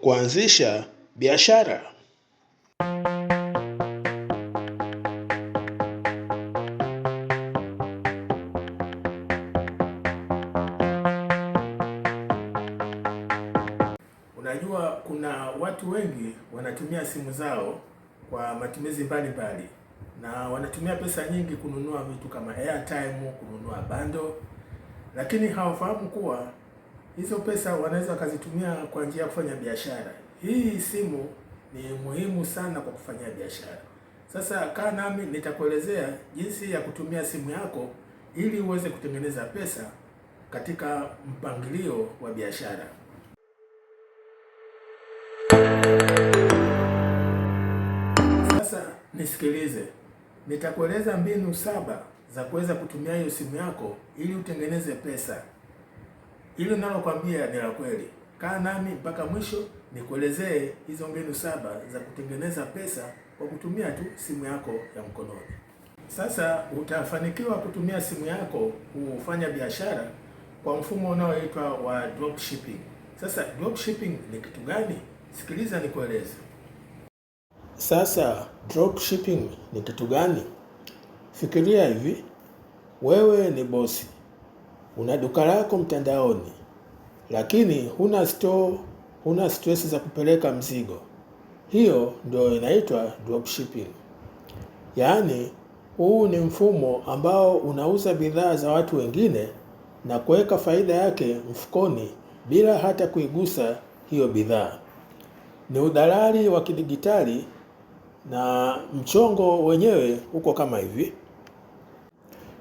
Kuanzisha biashara. Unajua, kuna watu wengi wanatumia simu zao kwa matumizi mbalimbali, na wanatumia pesa nyingi kununua vitu kama airtime, kununua bando, lakini hawafahamu kuwa hizo pesa wanaweza wakazitumia kwa njia ya kufanya biashara. Hii simu ni muhimu sana kwa kufanya biashara. Sasa kaa nami nitakuelezea jinsi ya kutumia simu yako ili uweze kutengeneza pesa katika mpangilio wa biashara. Sasa nisikilize, nitakueleza mbinu saba za kuweza kutumia hiyo simu yako ili utengeneze pesa hilo nalokwambia ni la kweli. Kaa nami mpaka mwisho nikuelezee hizo mbinu saba za kutengeneza pesa kwa kutumia tu simu yako ya mkononi. Sasa utafanikiwa kutumia simu yako kufanya biashara kwa mfumo unaoitwa wa dropshipping. Sasa dropshipping ni kitu gani? Sikiliza nikueleze. Sasa dropshipping ni kitu gani? Fikiria hivi, wewe ni bosi Una duka lako mtandaoni, lakini huna store, huna stress za kupeleka mzigo. Hiyo ndio inaitwa dropshipping. Yaani, huu ni mfumo ambao unauza bidhaa za watu wengine na kuweka faida yake mfukoni bila hata kuigusa hiyo bidhaa. Ni udalali wa kidigitali na mchongo wenyewe uko kama hivi.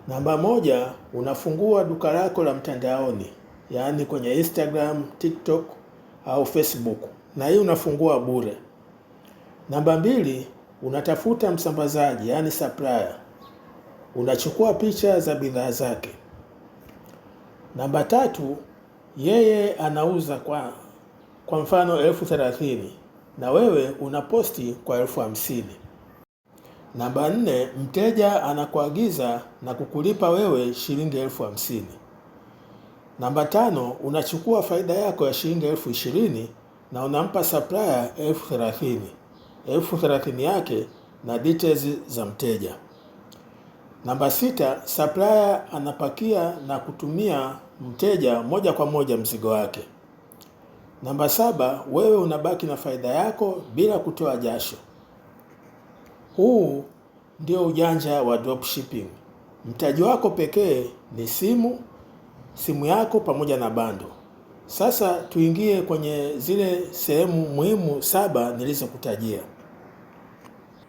Namba moja, unafungua duka lako la mtandaoni, yaani kwenye Instagram, TikTok au Facebook, na hii unafungua bure. Namba mbili, unatafuta msambazaji, yaani supplier, unachukua picha za bidhaa zake. Namba tatu, yeye anauza kwa kwa mfano elfu thelathini na wewe unaposti kwa elfu hamsini. Namba nne, mteja anakuagiza na kukulipa wewe shilingi elfu hamsini. Namba tano, unachukua faida yako ya shilingi elfu ishirini na unampa supplier elfu thelathini elfu thelathini yake na details za mteja. Namba sita, supplier anapakia na kutumia mteja moja kwa moja mzigo wake. Namba saba, wewe unabaki na faida yako bila kutoa jasho. Huu ndio ujanja wa dropshipping. Mtaji wako pekee ni simu, simu yako pamoja na bando. Sasa tuingie kwenye zile sehemu muhimu saba nilizokutajia.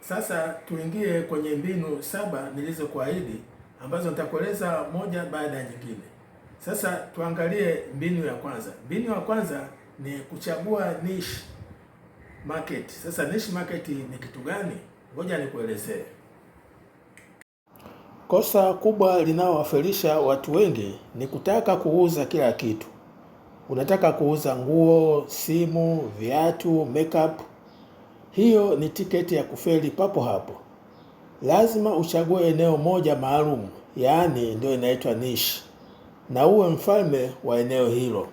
Sasa tuingie kwenye mbinu saba nilizokuahidi ambazo nitakueleza moja baada ya nyingine. Sasa tuangalie mbinu ya kwanza. Mbinu ya kwanza ni kuchagua niche market. Sasa niche market ni kitu gani? Ngoja nikuelezee. Kosa kubwa linalowafelisha watu wengi ni kutaka kuuza kila kitu. Unataka kuuza nguo, simu, viatu, makeup. Hiyo ni tiketi ya kufeli papo hapo. Lazima uchague eneo moja maalum, yaani ndio inaitwa niche, na uwe mfalme wa eneo hilo.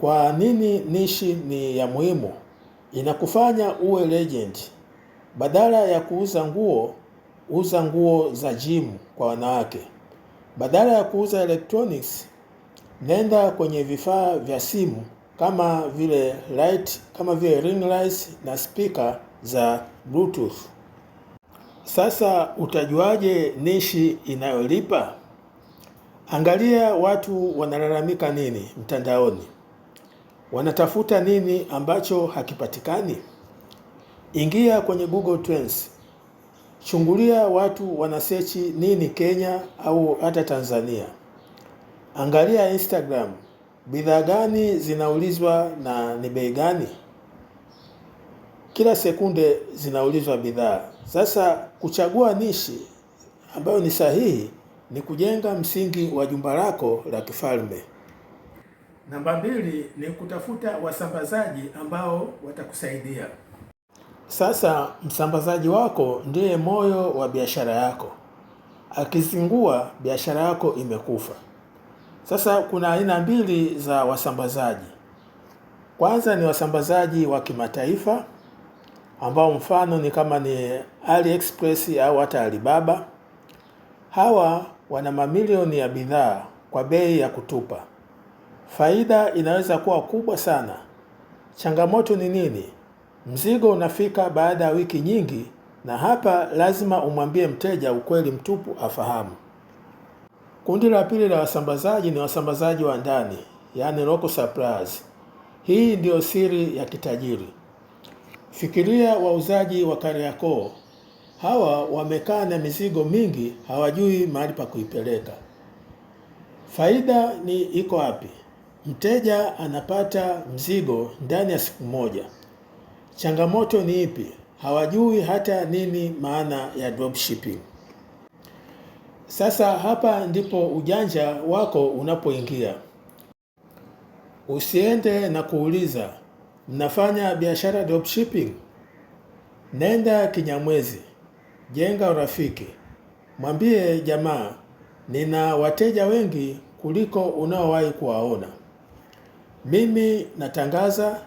Kwa nini niche ni ya muhimu? Inakufanya uwe legend. Badala ya kuuza nguo, uza nguo za jimu kwa wanawake. Badala ya kuuza electronics, nenda kwenye vifaa vya simu kama vile light, kama vile ring lights na speaker za bluetooth. Sasa utajuaje nishi inayolipa? Angalia watu wanalalamika nini mtandaoni, wanatafuta nini ambacho hakipatikani. Ingia kwenye Google Trends, chungulia watu wanasechi nini Kenya au hata Tanzania. Angalia Instagram, bidhaa gani zinaulizwa na ni bei gani? Kila sekunde zinaulizwa bidhaa. Sasa kuchagua nishi ambayo ni sahihi ni kujenga msingi wa jumba lako la kifalme. Namba mbili ni kutafuta wasambazaji ambao watakusaidia. Sasa msambazaji wako ndiye moyo wa biashara yako. Akizingua, biashara yako imekufa. Sasa kuna aina mbili za wasambazaji. Kwanza ni wasambazaji wa kimataifa ambao mfano ni kama ni AliExpress au hata Alibaba. Hawa wana mamilioni ya bidhaa kwa bei ya kutupa. Faida inaweza kuwa kubwa sana. Changamoto ni nini? Mzigo unafika baada ya wiki nyingi, na hapa lazima umwambie mteja ukweli mtupu afahamu. Kundi la pili la wasambazaji ni wasambazaji wa ndani, yaani local suppliers. Hii ndiyo siri ya kitajiri. Fikiria wauzaji wa, wa Kariakoo. Hawa wamekaa na mizigo mingi, hawajui mahali pa kuipeleka. Faida ni iko wapi? Mteja anapata mzigo ndani ya siku moja. Changamoto ni ipi? Hawajui hata nini maana ya dropshipping. Sasa hapa ndipo ujanja wako unapoingia. Usiende na kuuliza mnafanya biashara dropshipping? Nenda kinyamwezi, jenga urafiki, mwambie jamaa, nina wateja wengi kuliko unaowahi kuwaona. Mimi natangaza,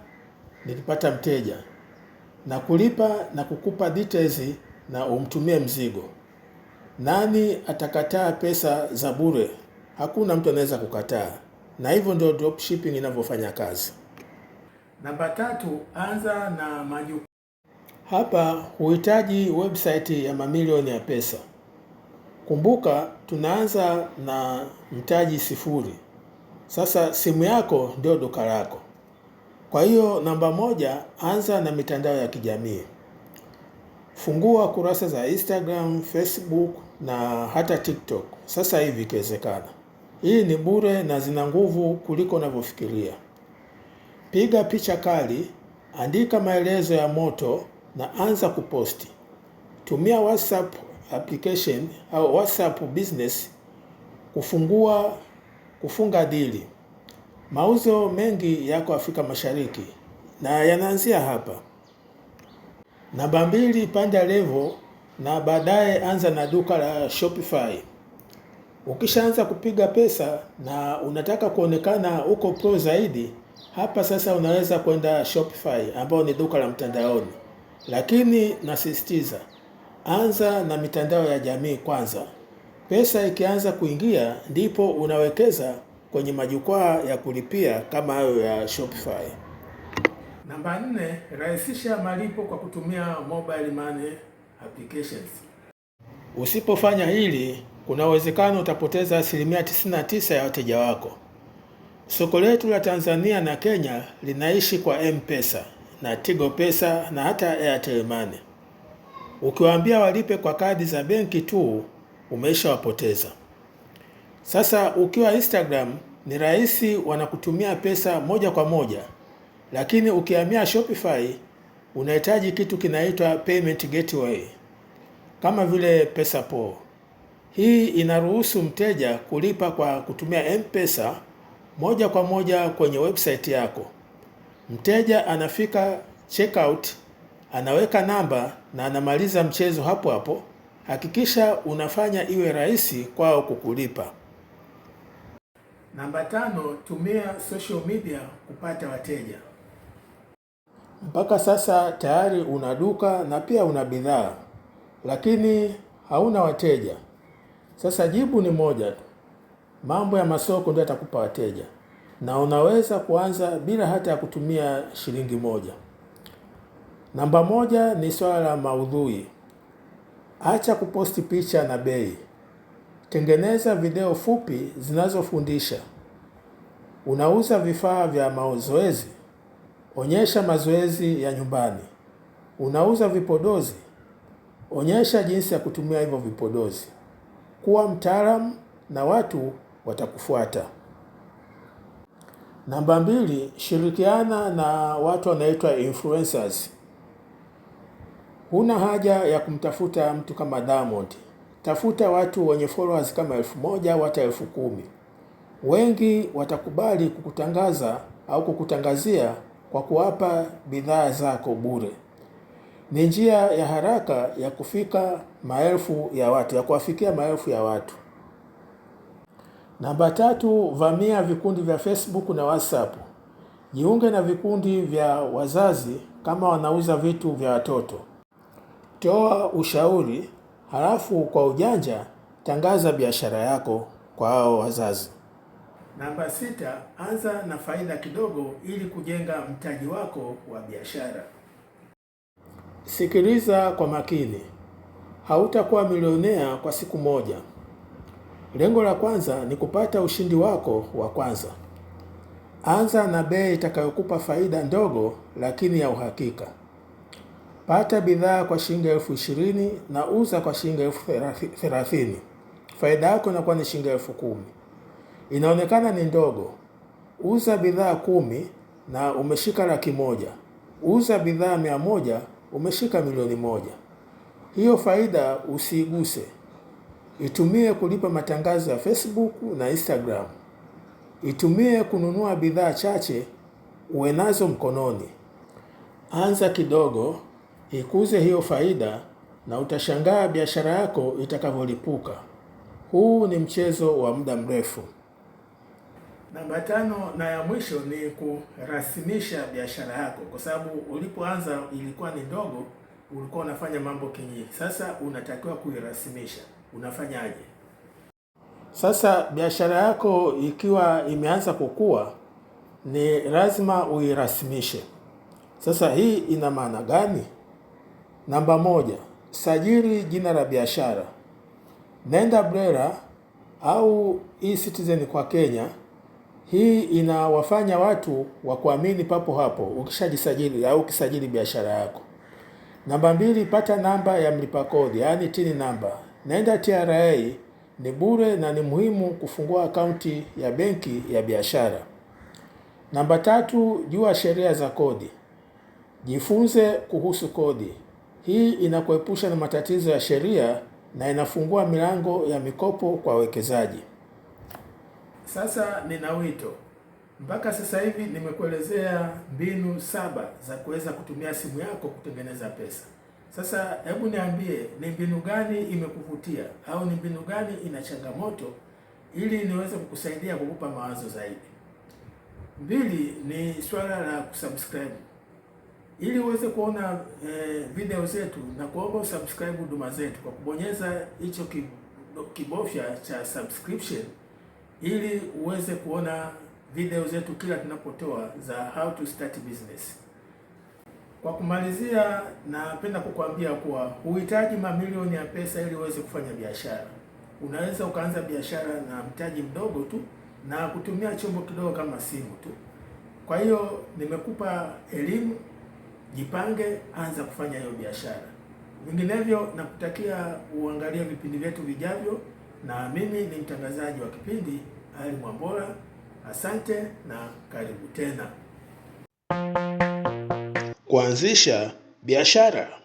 nikipata mteja na kulipa na kukupa details na umtumie mzigo. Nani atakataa pesa za bure? Hakuna mtu anaweza kukataa, na hivyo ndio dropshipping inavyofanya kazi. Namba tatu, anza na majukwaa. Hapa huhitaji website ya mamilioni ya pesa. Kumbuka tunaanza na mtaji sifuri. Sasa simu yako ndio duka lako. Kwa hiyo namba moja, anza na mitandao ya kijamii. Fungua kurasa za Instagram, Facebook na hata TikTok sasa hivi ikiwezekana. Hii ni bure na zina nguvu kuliko unavyofikiria. Piga picha kali, andika maelezo ya moto na anza kuposti. Tumia WhatsApp application au WhatsApp business kufungua kufunga dili. Mauzo mengi yako Afrika Mashariki na yanaanzia hapa. Namba mbili, panda level na baadaye anza na duka la Shopify. Ukishaanza kupiga pesa na unataka kuonekana uko pro zaidi, hapa sasa unaweza kwenda Shopify ambayo ni duka la mtandaoni, lakini nasisitiza, anza na mitandao ya jamii kwanza. Pesa ikianza kuingia, ndipo unawekeza kwenye majukwaa ya kulipia kama hayo ya Shopify. Namba nne, rahisisha malipo kwa kutumia mobile money applications. Usipofanya hili, kuna uwezekano utapoteza asilimia 99 ya wateja wako. Soko letu la Tanzania na Kenya linaishi kwa M-Pesa na Tigo Pesa na hata Airtel Money. Ukiwaambia walipe kwa kadi za benki tu, umeshawapoteza. Sasa ukiwa Instagram ni rahisi, wanakutumia pesa moja kwa moja, lakini ukihamia Shopify unahitaji kitu kinaitwa payment gateway kama vile PesaPal. Hii inaruhusu mteja kulipa kwa kutumia M-Pesa moja kwa moja kwenye website yako. Mteja anafika checkout, anaweka namba na anamaliza mchezo hapo hapo. Hakikisha unafanya iwe rahisi kwao kukulipa. Namba tano, tumia social media kupata wateja. Mpaka sasa tayari una duka na pia una bidhaa, lakini hauna wateja. Sasa jibu ni moja tu, mambo ya masoko ndio atakupa wateja, na unaweza kuanza bila hata ya kutumia shilingi moja. Namba moja ni swala la maudhui. Acha kuposti picha na bei. Tengeneza video fupi zinazofundisha. Unauza vifaa vya mazoezi, onyesha mazoezi ya nyumbani. Unauza vipodozi, onyesha jinsi ya kutumia hivyo vipodozi. Kuwa mtaalamu na watu watakufuata. Namba mbili, shirikiana na watu wanaitwa influencers. Huna haja ya kumtafuta mtu kama Diamond. Tafuta watu wenye followers kama elfu moja au hata elfu kumi. Wengi watakubali kukutangaza au kukutangazia kwa kuwapa bidhaa zako bure. Ni njia ya haraka ya kufika maelfu ya watu, ya kuwafikia maelfu ya watu. Namba tatu, vamia vikundi vya Facebook na WhatsApp. Jiunge na vikundi vya wazazi kama wanauza vitu vya watoto. Toa ushauri halafu kwa ujanja tangaza biashara yako kwa hao wazazi. Namba sita, anza na faida kidogo ili kujenga mtaji wako wa biashara. Sikiliza kwa makini, hautakuwa milionea kwa siku moja. Lengo la kwanza ni kupata ushindi wako wa kwanza. Anza na bei itakayokupa faida ndogo lakini ya uhakika pata bidhaa kwa shilingi elfu ishirini na uza kwa shilingi elfu thelathini faida yako inakuwa ni shilingi elfu kumi Inaonekana ni ndogo. Uza bidhaa kumi na umeshika laki moja. Uza bidhaa mia moja umeshika milioni moja. Hiyo faida usiiguse, itumie kulipa matangazo ya Facebook na Instagram, itumie kununua bidhaa chache uwe nazo mkononi. Anza kidogo, Ikuze hiyo faida na utashangaa biashara yako itakavyolipuka. Huu ni mchezo wa muda mrefu. Namba tano na ya mwisho ni kurasimisha biashara yako, kwa sababu ulipoanza ilikuwa ni ndogo, ulikuwa unafanya mambo kinyingi. Sasa unatakiwa kuirasimisha. Unafanyaje? Sasa biashara yako ikiwa imeanza kukua, ni lazima uirasimishe. Sasa hii ina maana gani? Namba moja, sajili jina la biashara. Nenda BRELA au eCitizen kwa Kenya. Hii inawafanya watu wakuamini papo hapo ukishajisajili au ukisajili biashara yako. Namba mbili, pata namba ya mlipa kodi, yaani tini namba. Nenda TRA, ni bure na ni muhimu kufungua akaunti ya benki ya biashara. Namba tatu, jua sheria za kodi, jifunze kuhusu kodi. Hii inakuepusha na matatizo ya sheria na inafungua milango ya mikopo kwa wawekezaji. Sasa nina wito. Mpaka sasa hivi nimekuelezea mbinu saba za kuweza kutumia simu yako kutengeneza pesa. Sasa hebu niambie, ni mbinu gani imekuvutia au ni mbinu gani ina changamoto, ili niweze kukusaidia kukupa mawazo zaidi. Mbili ni swala la kusubscribe. Ili uweze kuona e, video zetu na kuomba usubscribe huduma zetu kwa kubonyeza hicho kibofya cha subscription, ili uweze kuona video zetu kila tunapotoa za how to start business. Kwa kumalizia, napenda kukuambia kuwa huhitaji mamilioni ya pesa ili uweze kufanya biashara. Unaweza ukaanza biashara na mtaji mdogo tu na kutumia chombo kidogo kama simu tu. Kwa hiyo nimekupa elimu Jipange, anza kufanya hiyo biashara. Vinginevyo nakutakia uangalie vipindi vyetu vijavyo, na mimi ni mtangazaji wa kipindi Ali Mwambola. Asante na karibu tena. Kuanzisha biashara.